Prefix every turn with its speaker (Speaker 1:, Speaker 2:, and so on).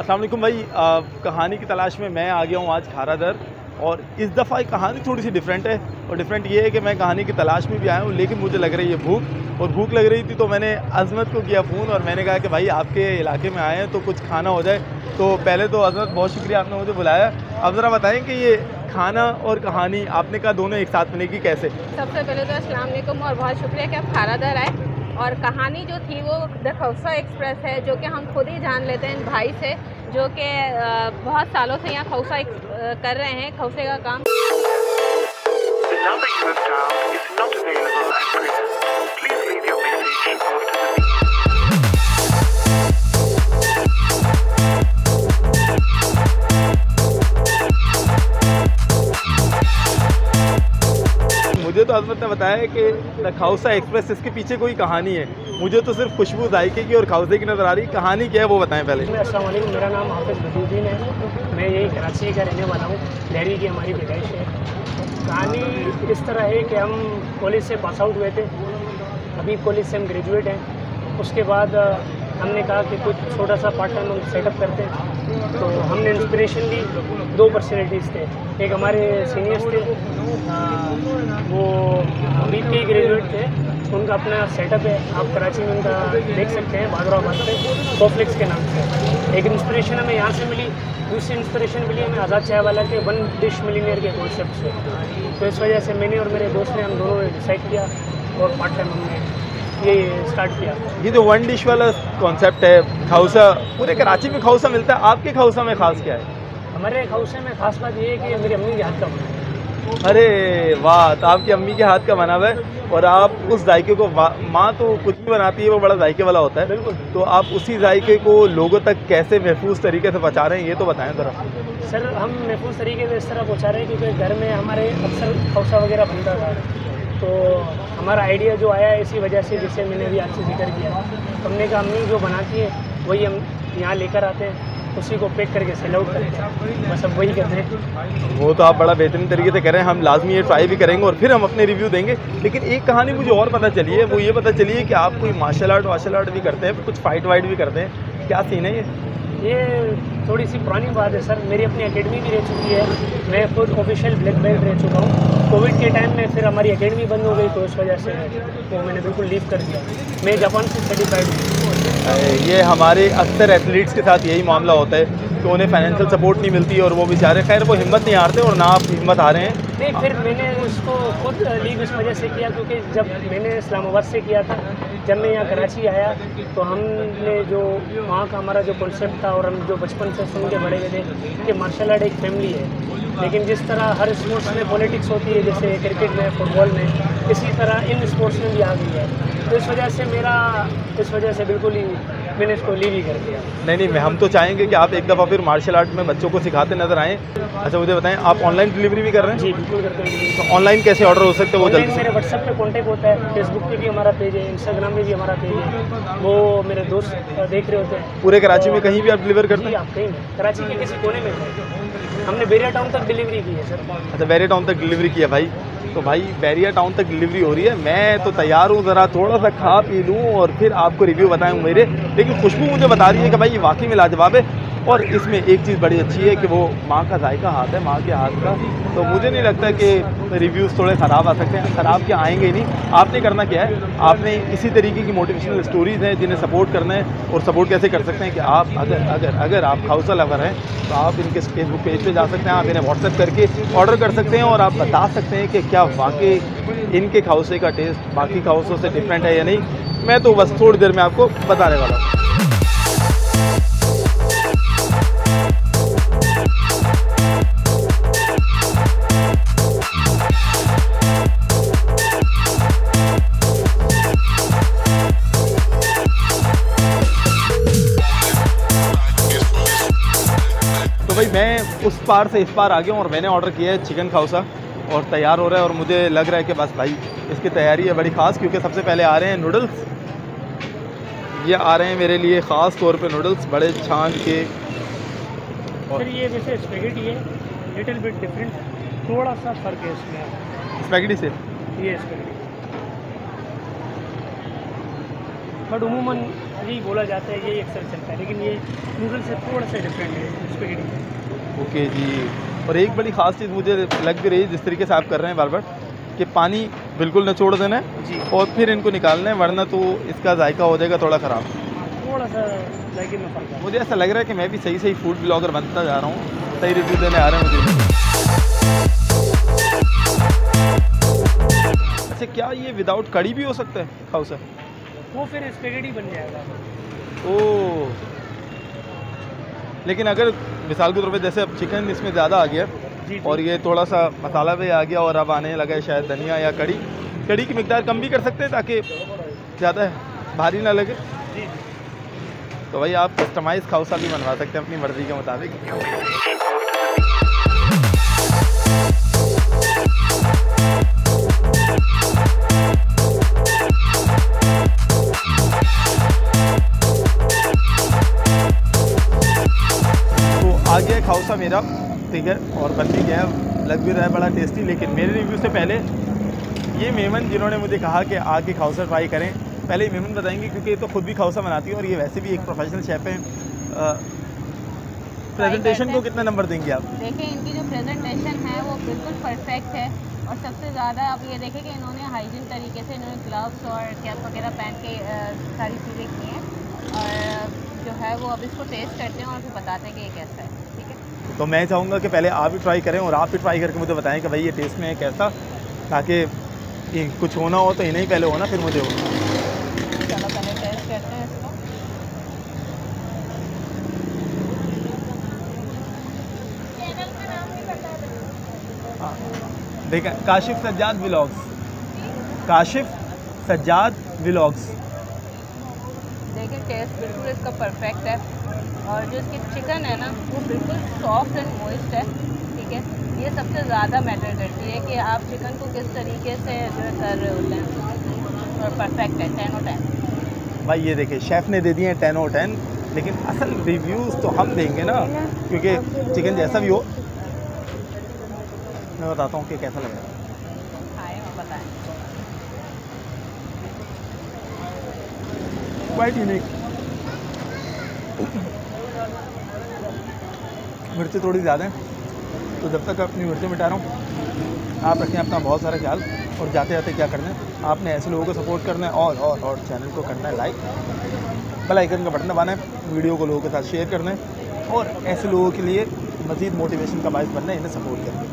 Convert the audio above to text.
Speaker 1: असलम भाई आ, कहानी की तलाश में मैं आ गया हूँ आज खारा दर और इस दफ़ा कहानी थोड़ी सी डिफरेंट है और डिफरेंट ये है कि मैं कहानी की तलाश में भी आया हूँ लेकिन मुझे लग रही है भूख और भूख लग रही थी तो मैंने अजमत को किया फ़ोन और मैंने कहा कि भाई आपके इलाके में आए हैं तो कुछ खाना हो जाए तो पहले तो अजमत बहुत शुक्रिया आपने मुझे बुलाया अब ज़रा बताएँ कि ये खाना और कहानी आपने कहा दोनों एक साथ मिलेगी कैसे सबसे पहले तो असलम और बहुत शुक्रिया कि आप खारा दर आए और कहानी जो थी वो द खौसा एक्सप्रेस है जो कि हम खुद ही जान लेते हैं भाई से जो कि बहुत सालों से यहाँ खौसा कर रहे हैं खौसे का काम The ने बताया कि द खाउसा एक्सप्रेस इसके पीछे कोई कहानी है मुझे तो सिर्फ खुशबू जायके की और खाउसे की नज़र आ रही कहानी क्या है वो बताएं पहले
Speaker 2: असल मेरा नाम हाफिज़ बदुद्दीन है मैं यही कराची का रहने वाला हूँ लहरी की हमारी पैदाइश है कहानी इस तरह है कि हम कॉलेज से पास आउट हुए थे अभी कॉलेज से हम ग्रेजुएट हैं उसके बाद हमने कहा कि कुछ छोटा सा पार्ट टाइम हम सेटअप करते हैं तो हमने इंस्पिरेशन ली दो पर्सनैलिटीज़ थे एक हमारे सीनियर्स थे वो बी पी ग्रेजुएट थे उनका अपना सेटअप है आप कराची में उनका देख सकते हैं बागराबाद से कॉफ्लिक्स के नाम से एक इंस्पिरेशन हमें यहाँ से मिली दूसरी इंस्पिरेशन मिली हमें आज़ाद वाला के वन डिश मिलीनियर के कॉन्सेप्ट से तो इस वजह से मैंने और मेरे दोस्त ने हम दोनों ने डिसाइड किया और पार्ट टाइम हमने ये स्टार्ट किया
Speaker 1: ये जो वन डिश वाला कॉन्सेप्ट है खाउसा पूरे कराची में खाउसा मिलता है आपके खाउसा में खास क्या है
Speaker 2: हमारे खाउसा में खास बात ये है कि मेरी अम्मी के हाथ का
Speaker 1: अरे वाह तो आपकी अम्मी के हाथ का बना हुआ है और आप उस जायके को माँ तो कुछ भी बनाती है वो बड़ा जायके वाला होता है बिल्कुल तो आप उसी जायके को लोगों तक कैसे महफूज तरीके से पहुँचा रहे हैं ये तो बताएं ज़रा
Speaker 2: सर हम महफूज तरीके से इस तरह पहुँचा रहे हैं क्योंकि घर में हमारे अक्सर खौसा वगैरह बनता था तो हमारा आइडिया जो आया है इसी वजह से जिससे मैंने भी आपसे जिक्र किया हमने कहा अम्मी जो बनाती है वही हम यहाँ लेकर आते हैं उसी को पैक करके सेल आउट करते हैं बस अब वही करते हैं
Speaker 1: वो तो आप बड़ा बेहतरीन तरीके से करें हम लाजमी ये ट्राई भी करेंगे और फिर हम अपने रिव्यू देंगे लेकिन एक कहानी मुझे और पता चली है वो ये पता चली है कि आप कोई मार्शल आर्ट वार्शल आर्ट भी करते हैं कुछ फाइट वाइट भी करते हैं क्या सीन है ये ये
Speaker 2: थोड़ी सी पुरानी बात है सर मेरी अपनी अकेडमी भी रह चुकी है मैं खुद ऑफिशियल ब्लैक बेल्ट रह चुका हूँ कोविड के टाइम में फिर हमारी अकेडमी बंद हो गई तो उस वजह से वो मैंने बिल्कुल लीव कर दिया मैं जापान से सर्टिफाइड
Speaker 1: ये हमारे अक्सर एथलीट्स के साथ यही मामला होता है कि उन्हें फाइनेंशियल सपोर्ट नहीं मिलती और वो बेचारे खैर वो हिम्मत नहीं हारते और ना आप हिम्मत हारे हैं
Speaker 2: नहीं फिर मैंने उसको खुद लीव इस वजह से किया क्योंकि जब मैंने इस्लामाबाद से किया था जब मैं यहाँ कराची आया तो हमने जो वहाँ का हमारा जो कॉन्सेप्ट था और हम जो बचपन से सुन के बड़े हुए थे कि मार्शल आर्ट एक फैमिली है लेकिन जिस तरह हर स्पोर्ट्स में पॉलिटिक्स होती है जैसे क्रिकेट में फुटबॉल में इसी तरह इन स्पोर्ट्स में भी आ गई है तो इस वजह से मेरा इस वजह से बिल्कुल ही मैंने इसको लीव ही कर दिया
Speaker 1: नहीं नहीं हम तो चाहेंगे कि आप एक दफ़ा फिर मार्शल आर्ट में बच्चों को सिखाते नजर आएँ अच्छा मुझे बताएं आप ऑनलाइन डिलीवरी भी कर रहे हैं जी
Speaker 2: बिल्कुल करते हैं
Speaker 1: तो ऑनलाइन कैसे ऑर्डर हो सकते हैं वो जल्दी मेरे
Speaker 2: व्हाट्सएप पे कॉन्टैक्ट होता है फेसबुक पे भी हमारा पेज है इंस्टाग्राम पे भी हमारा पेज है वो मेरे दोस्त देख रहे होते हैं
Speaker 1: पूरे कराची में कहीं भी आप डिलीवर करते हैं
Speaker 2: आप कहीं कराची के किसी कोने में हमने बैरिया टाउन तक डिलीवरी की है सर
Speaker 1: अच्छा बैरिया टाउन तक डिलीवरी किया भाई तो भाई बैरिया टाउन तक डिलीवरी हो रही है मैं तो तैयार हूँ ज़रा थोड़ा सा खा पी लूँ और फिर आपको रिव्यू बताएँ मेरे लेकिन खुशबू मुझे बता रही है कि भाई ये वाकई में लाजवाब है और इसमें एक चीज़ बड़ी अच्छी है कि वो माँ का जायका हाथ है माँ के हाथ का तो मुझे नहीं लगता कि रिव्यूज़ थोड़े ख़राब आ सकते हैं ख़राब के आएंगे ही नहीं आपने करना क्या है आपने इसी तरीके की मोटिवेशनल स्टोरीज़ हैं जिन्हें सपोर्ट करना है और सपोर्ट कैसे कर सकते हैं कि आप अगर अगर अगर आप हाउसा लवर हैं तो आप इनके फेसबुक पेज पर जा सकते हैं आप इन्हें व्हाट्सएप करके ऑर्डर कर सकते हैं और आप बता सकते हैं कि क्या वाकई इनके खाउसे का टेस्ट बाकी खाउसों से डिफरेंट है या नहीं मैं तो बस थोड़ी देर में आपको बताने वाला हूँ उस पार से इस पार आ गया और मैंने ऑर्डर किया है चिकन खाउसा और तैयार हो रहा है और मुझे लग रहा है कि बस भाई इसकी तैयारी है बड़ी ख़ास क्योंकि सबसे पहले आ रहे हैं नूडल्स ये आ रहे हैं मेरे लिए ख़ास तौर पे नूडल्स बड़े छान के और
Speaker 2: ये वैसे स्पेगेटी है लिटिल बिट डिफरेंट थोड़ा सा फर्क है इसमें
Speaker 1: स्पेगेटी से ये
Speaker 2: स्पेगेटी बट उमूमन यही बोला जाता है यही अक्सर चलता है लेकिन ये नूडल्स से थोड़ा सा डिफरेंट है स्पेगेटी
Speaker 1: ओके जी और एक बड़ी ख़ास चीज़ मुझे लग भी रही है जिस तरीके से आप कर रहे हैं बार बार कि पानी बिल्कुल न छोड़ देना जी और फिर इनको निकालना है वरना तो इसका जायका हो जाएगा थोड़ा ख़राब
Speaker 2: थोड़ा सा में फ़र्क मुझे ऐसा लग रहा
Speaker 1: है कि मैं भी सही सही फूड ब्लॉगर बनता जा रहा हूँ सही रिव्यू देने आ रहे हैं मुझे अच्छा क्या ये विदाउट कड़ी भी हो सकता है खाऊ सर
Speaker 2: वो फिर स्पेगेटी बन जाएगा
Speaker 1: ओ लेकिन अगर मिसाल के तौर पे जैसे अब चिकन इसमें ज़्यादा आ गया और ये थोड़ा सा मसाला भी आ गया और अब आने लगा है शायद धनिया या कड़ी कड़ी की मकदार कम भी कर सकते हैं ताकि ज़्यादा भारी ना लगे तो भाई आप कस्टमाइज़ खाउसा भी बनवा सकते हैं अपनी मर्ज़ी के मुताबिक मेरा ठीक है और बन भी गया लग भी रहा है बड़ा टेस्टी लेकिन मेरे रिव्यू से पहले ये मेमन जिन्होंने मुझे कहा कि आके खाउसा ट्राई करें पहले ये मेमन बताएंगे क्योंकि ये तो ख़ुद भी खाउसा बनाती हूँ और ये वैसे भी एक प्रोफेशनल शेफ़ हैं प्रेजेंटेशन को कितना नंबर देंगे आप देखें इनकी जो प्रेजेंटेशन है वो बिल्कुल परफेक्ट है और सबसे ज़्यादा आप ये देखें कि इन्होंने हाइजीन तरीके से इन्होंने ग्लव्स और कैप वगैरह पहन के सारी चीज़ें की हैं और जो है वो अब इसको टेस्ट करते हैं और फिर बताते हैं कि ये कैसा है तो मैं चाहूँगा कि पहले आप भी ट्राई करें और आप भी ट्राई करके मुझे बताएं कि भाई ये टेस्ट में है कैसा ताकि कुछ होना हो तो इन्हें ही पहले होना फिर मुझे होना हाँ। देखें काशिफ सज्जाद ब्लॉग्स काशिफ सज्जाद ब्लॉग्स
Speaker 2: देखें टेस्ट बिल्कुल इसका परफेक्ट है और जो इसकी चिकन है ना वो बिल्कुल सॉफ्ट एंड मोइस्ट है ठीक है ये सबसे ज़्यादा मैटर करती है कि आप चिकन को किस तरीके से जो है कर रहे होते हैं और परफेक्ट है टेन ओ
Speaker 1: टेन भाई ये देखिए शेफ़ ने दे दिए हैं टेन ओ टेन लेकिन असल रिव्यूज़ तो हम देंगे ना क्योंकि चिकन जैसा भी हो मैं बताता हूँ कि कैसा लग रहा है क्वाइट यूनिक मिर्चें थोड़ी ज़्यादा हैं तो जब तक अपनी मिर्चें मिटा रहा हूँ आप रखें अपना बहुत सारा ख्याल और जाते जाते क्या करना है आपने ऐसे लोगों को सपोर्ट करना है और और और चैनल को करना है लाइक बेल आइकन का बटन दबाना है वीडियो को लोगों के साथ शेयर करना है और ऐसे लोगों के लिए मज़ीद मोटिवेशन का बायस बनना है इन्हें सपोर्ट करना